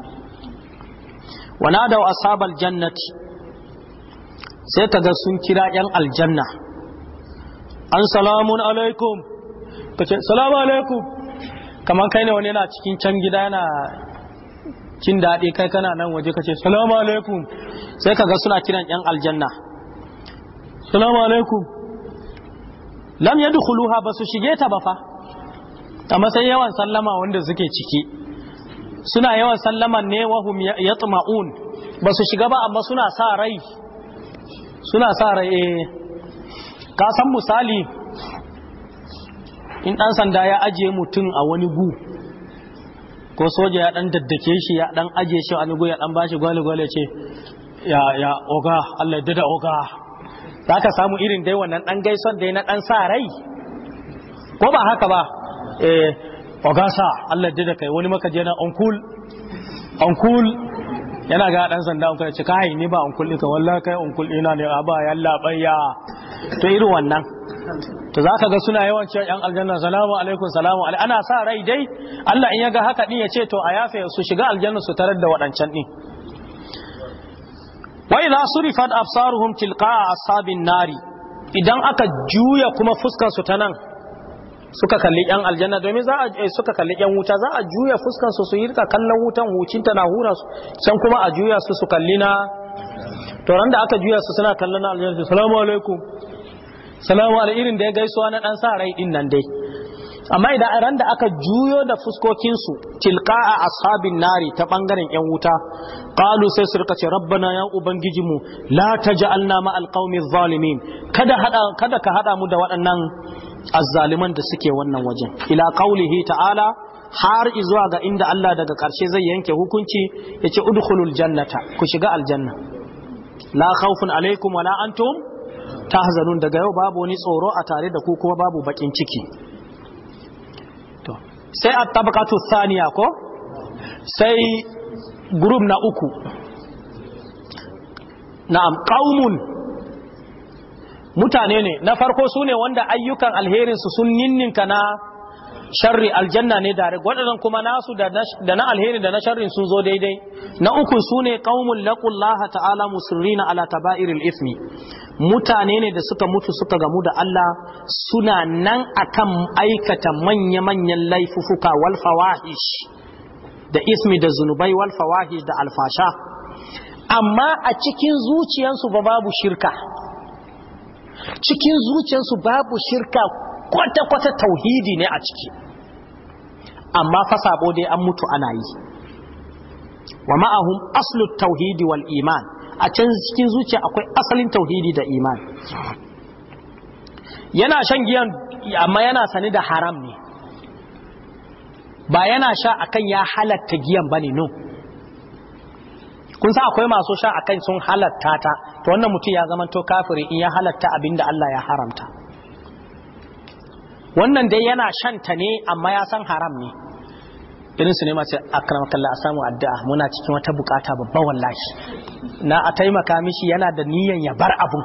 wana da asabal jannati sai kaga sun kira ‘yan aljanna an salamun alaikum ka ce salamu alaikum kamar kai ne wani yana cikin can gida yana cin daɗi kai kana nan waje ka ce salamu alaikum sai ka ga suna kiran yan aljanna salamu alaikum lam yadkhuluha ba su shige ta ba fa a matsayin yawan sallama wanda suke ciki suna yawan sallama ne wahum ya yatma'un ba su shiga ba amma suna sa rai suna sa rai eh ka san misali in ɗan sanda ya ajiye mutum a wani gu ko soja ya ɗan daddake shi ya ɗan ajiye shi a wani gu ya ɗan bashi gwale-gwale ce ya oga Allah ya dada oga za ka samu irin dai wannan ɗan gaison dai na ɗan sa rai ko ba haka ba eh oga sa Allah ya dada kai wani maka je na onkul onkul yana ga ɗan sanda onkul ya ce kai ni ba onkul ɗinka wallah kai onkul ina ne a ba yalla bayya to irin wannan to za ka ga suna yawan cewa yan aljanna salamu alaikum salamu alaikum ana sa rai dai Allah in ya ga haka din ya ce to a yafe su shiga aljanna su tarar da waɗancan din wa idza surifat absaruhum a asabin nari idan aka juya kuma fuskar su ta nan suka kalli yan aljanna domin za a eh, suka kalli yan wuta za a juya fuskar su su yi kallon wutan ta na hura su can kuma a juya su su kalli na to ran da aka juya su suna kallon aljanna salamu alaikum salamu ala irin da ya gaisuwa na dan sa rai din nan dai amma idan ran da aka juyo da fuskokinsu a ashabin nari ta bangaren yan wuta qalu sai su rika ce rabbana ya ubangiji mu la taj'alna ma alqaumi zalimin kada hada kada ka hada mu da waɗannan azzaliman da suke wannan wajen ila qaulihi ta'ala har izuwa ga inda Allah daga ƙarshe zai yanke hukunci yace udkhulul jannata ku shiga aljanna la khawfun alaikum wala antum tahzanun daga yau babu wani tsoro a tare da ku kuma babu bakin ciki sai a tabaqatu saniya ko sai group na uku na'am qaumun mutane ne na farko sune wanda ayyukan alherin su sun ninninka na sharri aljanna ne da waɗannan kuma nasu da na alheri da na sharrin sun zo daidai na uku su ne qaumun laqullaha ta'ala na ala taba'iril ismi mutane ne da suka mutu suka gamu da Allah suna nan akan aikata manya-manyan laifufuka wal fawahish da ismi da zunubai wal fawahish da alfasha amma a cikin zuciyansu ba babu shirka cikin zuciyarsu babu shirka kwata-kwata tauhidi ne a ciki amma fa sabo dai an mutu ana yi wa ma'ahum aslu tauhidi wal iman a can cikin zuciya akwai asalin tauhidi da iman yana shan giyan amma yana sani da haram ne ba yana sha akan ya halatta giyan bane no kun sa akwai masu sha akan sun halatta ta to wannan mutum ya zama to kafiri in ya halatta abinda Allah ya haramta wannan dai yana shanta ne amma ya san haram ne irin su ne mace akrama kalla a samu addu'a muna cikin wata bukata babban wallahi na a taimaka mishi yana da niyan ya bar abu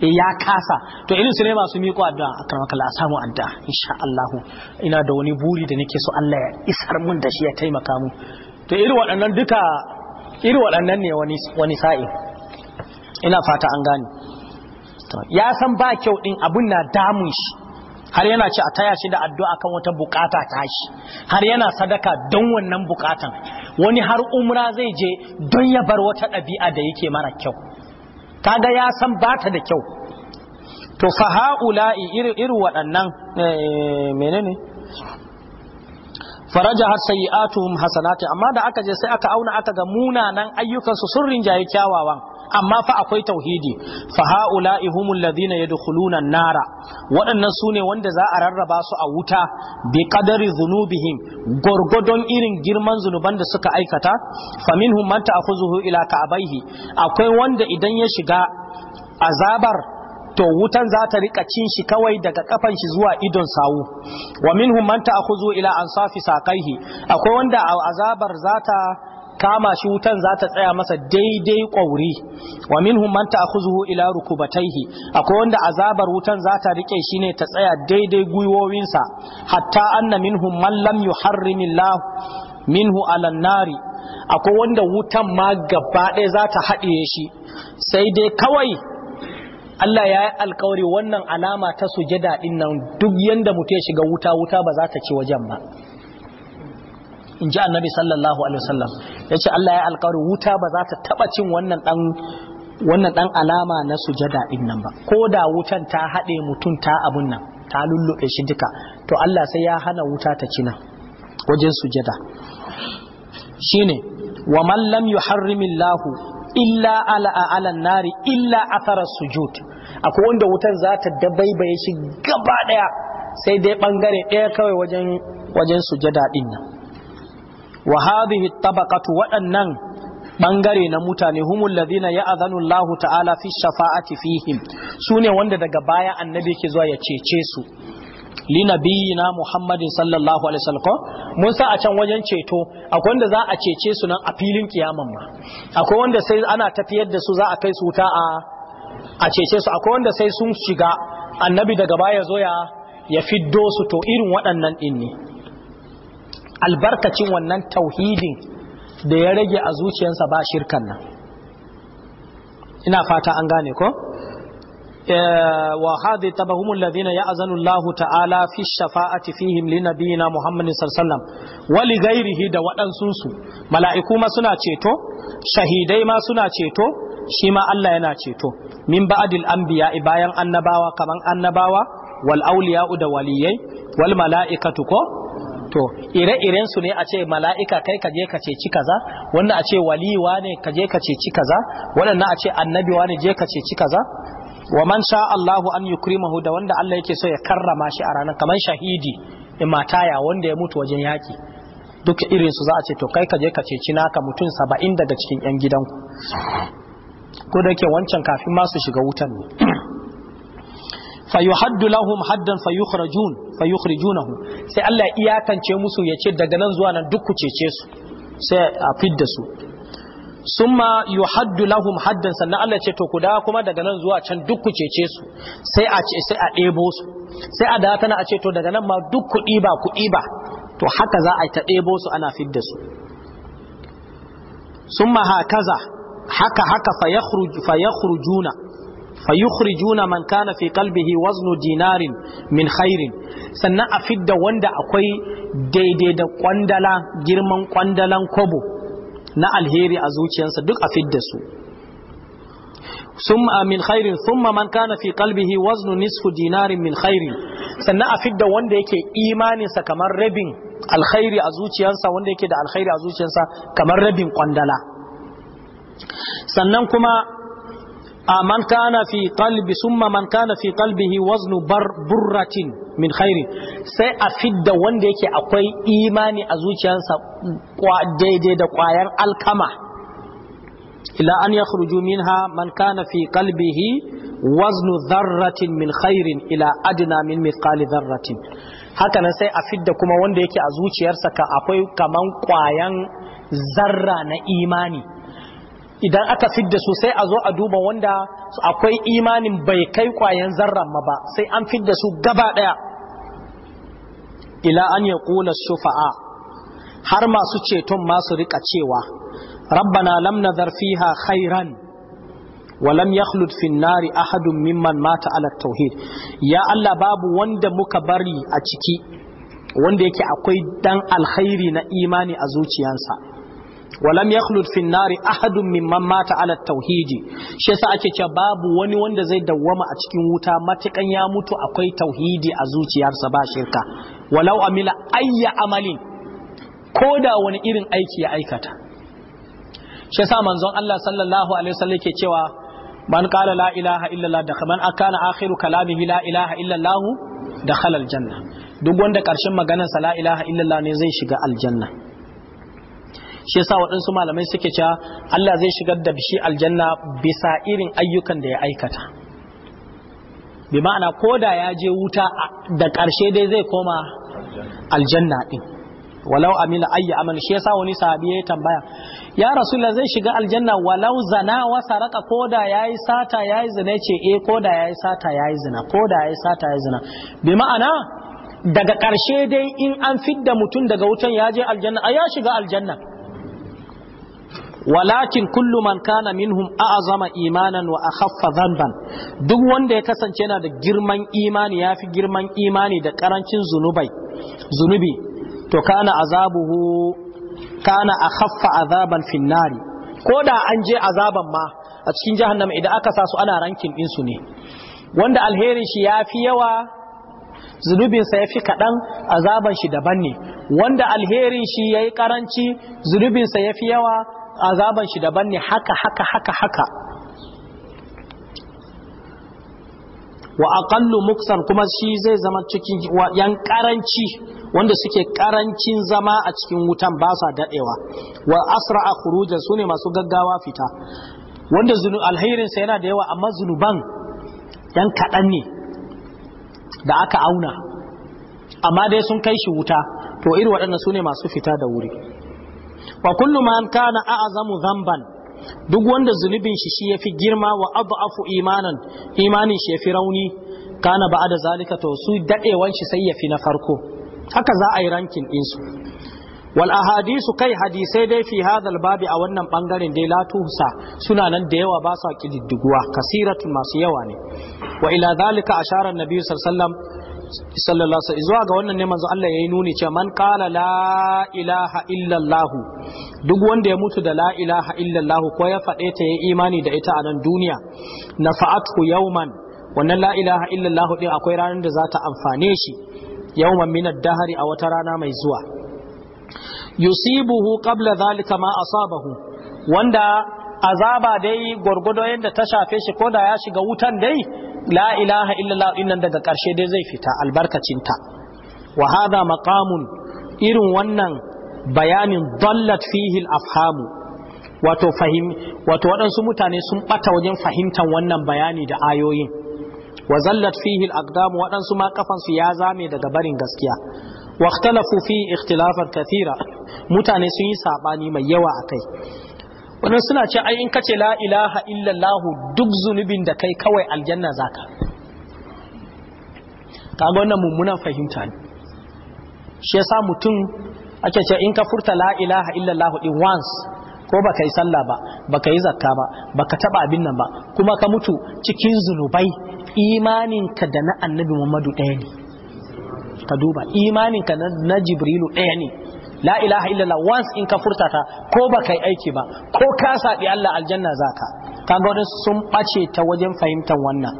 eh, ya kasa to irin su ne masu miko addu'a akrama kalla a samu addu'a insha Allah ina da wani buri da nake so Allah ya isar mun da shi ya taimaka mu to irin waɗannan duka irin waɗannan ne wani wani sa'i ina fata an gane ya san ba kyau din abun na damun shi har yana ci a taya shi da addu'a kan wata bukata ta shi har yana sadaka don wannan bukatan wani har umra zai je don ya bar wata ɗabi'a da yake mara kyau kaga ya san ba ta da kyau to fa ha'ula'i waɗannan eh, menene faraja har sayi'atuhum hasanati amma da aka je sai aka auna aka ga munanan ayyukansu sun rinjaye kyawawan amma fa akwai tauhidi fa haula'i humul ladina yadkhuluna nara waɗannan sune wanda za a rarraba su a wuta bi qadari dhunubihim gorgodon irin girman zunuban da suka aikata faminhum man ta'khuzuhu ila ka'baihi akwai wanda idan ya shiga azabar to wutan za ta rika cin shi kawai daga kafan shi zuwa idon sawu wa minhum man ta'khuzu ila ansafi saqaihi akwai wanda azabar za ta kama shi wutan za ta tsaya masa daidai ƙwauri wa minhum man ta'khuzuhu ila rukubataihi akwai wanda azabar wutan za ta rike shi ne ta tsaya daidai gwiwowinsa hatta anna minhum man lam yuharrimillah minhu ala nari akwai wanda wutan ma gaba ɗaya za ta haɗiye shi sai dai kawai Allah ya yi alkawari wannan alama ta sujada ɗin nan duk yadda mutum ya shiga wuta wuta ba za ta ci wajen ba in ji annabi sallallahu alaihi wasallam ya ce Allah ya alƙawari wuta ba za ta taɓa cin wannan ɗan wannan ɗan alama na sujada ɗin nan ba ko da wutan ta haɗe mutum ta abun nan ta lulluɓe shi duka to Allah sai ya hana wuta ta ci nan wajen sujada shine wa man lam yuharrimillahu illa ala ala nari illa athara sujud akwai wanda wutan za ta dabaibaye shi gaba ɗaya sai dai bangare ɗaya kawai wajen wajen sujada din nan wa hadhihi tabaqatu waɗannan bangare na mutane humul ladina azanu Allah ta'ala fi shafa'ati fihim sune wanda daga baya annabi yake zuwa ya cece su li nabiyina Muhammadin sallallahu alaihi wasallam mun sa a can wajen ceto akwai wanda za a cece su nan a filin kiyaman ma akwai wanda sai ana tafiyar da su za a kai su wuta a a cece su akwai wanda sai sun shiga annabi daga baya zo ya ya fiddo su to irin waɗannan din albarkacin wannan tauhidin da ya rage a zuciyarsa ba shirkan nan ina fata an gane ko eh, wa hadi tabahumul ladina ya'zanu Allah ta'ala fi shafa'ati fihim li nabiyina Muhammad sallallahu alaihi wasallam wa da waɗansu su mala'iku ma suna ceto shahidai ma suna ceto shi ma Allah yana ceto min ba'dil anbiya bayan annabawa kaman annabawa wal awliya'u da waliyai wal mala'ikatu ko to ire-iren su ne a ce mala'ika kai ka je ka ceci kaza wanda a ce waliwa ne ka je ka ceci kaza Wadannan a ce annabi wa ne je ka ceci kaza wa man sha Allahu an yukrimahu da wanda Allah yake so ya karrama shi a ranar kamar shahidi in mataya wanda ya mutu wajen yaki duk irin su za a ce to kai ka je ka ceci naka mutum saba'in daga cikin 'yan gidanku ko da yake wancan kafin ma su shiga wutan ne fayuhaddu lahum haddan fayukhrajun fayukhrijunahum sai Allah ya iyakance musu ya ce daga nan zuwa nan duk ku cece su sai a fidda su summa yuhaddu lahum haddan sannan Allah ya ce to ku da kuma daga nan zuwa can duk ku cece su sai a ce sai a debo su sai a da tana a ce to daga nan ma duk ku ɗiba ku ɗiba to haka za a ta ɗebo su ana fidda su summa hakaza haka haka fayakhruj fayakhrujuna fayukhrijuna man kana fi qalbihi waznu dinarin min khairin sannan a fidda wanda akwai daidai da kwandala girman kwandalan kobo na alheri a zuciyarsa duk a fidda su summa min khairin summa man kana fi qalbihi waznu nisfu dinarin min khairin sannan a fidda wanda yake imaninsa kamar rabin alkhairi a zuciyarsa wanda yake da alkhairi a zuciyarsa kamar rabin kwandala sannan kuma a ah, man kana fi qalbi summa man kana fi qalbihi waznu burratin min khairin sai a fidda wanda yake akwai imani a zuciyarsa daidai da kwayar alkama ila an yakhruju minha man kana fi kalbihi waznu dharratin min khairin ila adna min mithqali dharratin haka sai a fidda kuma wanda yake a zuciyarsa akwai kaman kwayan zarra na imani idan aka fidda su sai a zo a duba wanda akwai imanin bai kai kwayan zarran ma ba sai an fidda su gaba daya ila an yaqula shufa'a har masu ceton masu rika cewa rabbana lam nadhar fiha khairan wa lam yakhlud fin nari ahadun mimman mata ala tauhid ya Allah babu wanda muka bari a ciki wanda yake akwai dan alkhairi na imani a zuciyarsa. walam yakhlud fi nari ahadun mimman mata ala tauhidi shi yasa ake cewa babu wani wanda zai dawwama a cikin wuta matakan ya mutu akwai tauhidi a zuciyarsa ba shirka walau amila ayya amalin ko da wani irin aiki ya aikata shi yasa manzon Allah sallallahu alaihi wasallam yake cewa man qala la ilaha illallah da man akana akhiru kalamihi la ilaha illallah dakhala aljanna duk wanda karshen maganarsa la ilaha illallah ne zai shiga aljanna shi yasa waɗansu malamai suke cewa Allah zai shigar da shi aljanna bisa irin ayyukan da ya aikata bi ma'ana ko da ya je wuta da ƙarshe dai zai koma aljanna din walau amila ayya amal shi yasa wani sahabi ya tambaya ya rasulullah zai shiga aljanna walau zana wa saraka ko da yayi sata yayi zina ce eh ko da yayi sata yayi zina ko da yayi sata yayi zina bi ma'ana daga ƙarshe dai in an fidda mutum daga wutan ya je aljanna a ya shiga aljanna walakin kullu man kana minhum a'zama imanan wa akhaffa dhanban duk wanda ya kasance yana da girman imani yafi girman imani da karancin zunubai zunubi to kana azabuhu kana akhaffa azaban finnari koda an je azaban ma a cikin jahannama idan aka sa su ana rankin din su ne wanda alherin shi yafi yawa zunubinsa ya fi kaɗan azaban shi daban ne wanda alherin shi ya yi ƙaranci zunubinsa ya fi yawa azaban shi daban ne haka haka haka haka wa aqallu muksan kuma shi zai zama cikin yan karanci wanda suke karancin zama a cikin wutan ba sa dadewa wa asra akhruja sune masu gaggawa fita wanda zunu alhairin sa yana da yawa amma zunuban yan kadan ne da aka auna amma dai sun kai shi wuta to irin waɗannan sune masu fita da wuri wa kullu man kana a'zamu dhanban duk wanda zunubin shi shi yafi girma wa adhafu imanan imanin shi yafi rauni kana ba'da zalika to su dadewan shi sai yafi na farko haka za a yi rankin din su wal ahadisu kai hadisai dai fi hadal babi a wannan bangaren dai latusa suna nan da yawa ba su kididdiguwa kasiratun masu yawa ne wa ila zalika ashara annabi sallallahu alaihi wasallam sallallahu alaihi zuwa ga wannan ne manzo Allah yayi nuni cewa man qala la ilaha illallah duk wanda ya mutu da la ilaha illallah ko ya faɗe ta yayi imani da ita a nan duniya nafa'atu yawman wannan la ilaha illallah din akwai ranar da za ta amfane shi yawman min ad-dahri a wata rana mai zuwa yusibuhu qabla dhalika ma asabahu wanda azaba dai gwargwado yadda ta shafe shi ko da ya shiga wutan dai la ilaha illallah din daga ƙarshe dai zai fita albarkacinta wa hadha maqamun irin wannan bayanin dallat fihi afhamu wato fahim wato waɗansu mutane sun ɓata wajen fahimtar wannan bayani da ayoyin wa zallat fihi al-aqdam waɗansu ma kafansu ya zame daga barin gaskiya wa ikhtalafu fi ikhtilafan kathira mutane sun yi sabani mai yawa akai wannan suna ce ai in kace ce la ilaha illallah duk zunubin da kai kawai aljanna zaka kaga wannan mummunan fahimta ne shi yasa mutum ake ce in ka furta la ilaha illallah din once ko baka yi sallah ba baka yi zakka ba baka taba abin nan ba kuma ka mutu cikin zunubai imaninka da na annabi Muhammadu ɗaya ne ka duba imaninka na jibrilu ɗaya ne la ilaha illallah once in ka furta ta ko ba kai aiki ba ko ka saɓi Allah aljanna zaka kaga wani sun ɓace ta wajen fahimtar wannan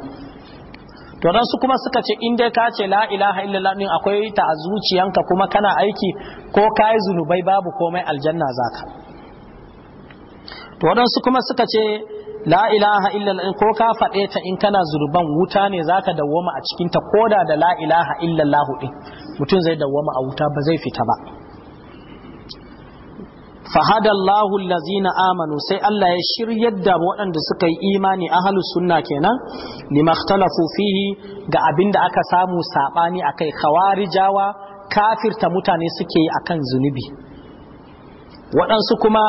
to dan su kuma suka ce in dai ka ce la ilaha illallah din akwai ta a zuciyanka kuma kana aiki ko yi zunubai babu komai aljanna zaka to dan su kuma suka ce la ilaha illallah ko ka faɗe ta in kana zunuban wuta ne zaka dawwama a cikin ta koda da la ilaha illallah din mutum zai dawwama a wuta ba zai fita ba fahadallahu lazina amanu sai Allah ya shiryar da waɗanda suka yi imani a sunna kenan limakhtalafu fihi ga abinda aka samu saɓani akai kawarijawa kafirta mutane suke yi akan zunubi waɗansu kuma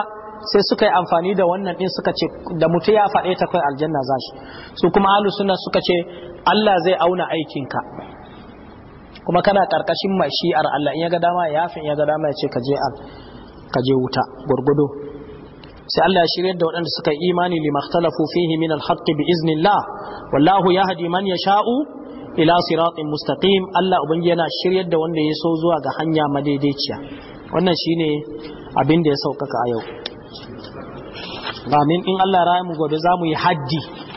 sai suka yi amfani da wannan din suka ce da mutu ya faɗe ta kai aljanna za shi su kuma ahlus sunna suka ce Allah zai auna aikinka kuma kana karkashin mashi'ar Allah in ya ga dama ya fi in ya ga dama ya ce ka je al ka je wuta gwargwado sai Allah ya shiryar da waɗanda suka yi imani lima ikhtalafu fihi min al-haqq bi iznillah wallahu yahdi man yasha'u ila siratin mustaqim Allah ubangi yana shiryar da wanda ya so zuwa ga hanya madaidaiciya wannan shine abin da ya saukaka a yau amin in Allah ya mu gobe za mu yi haddi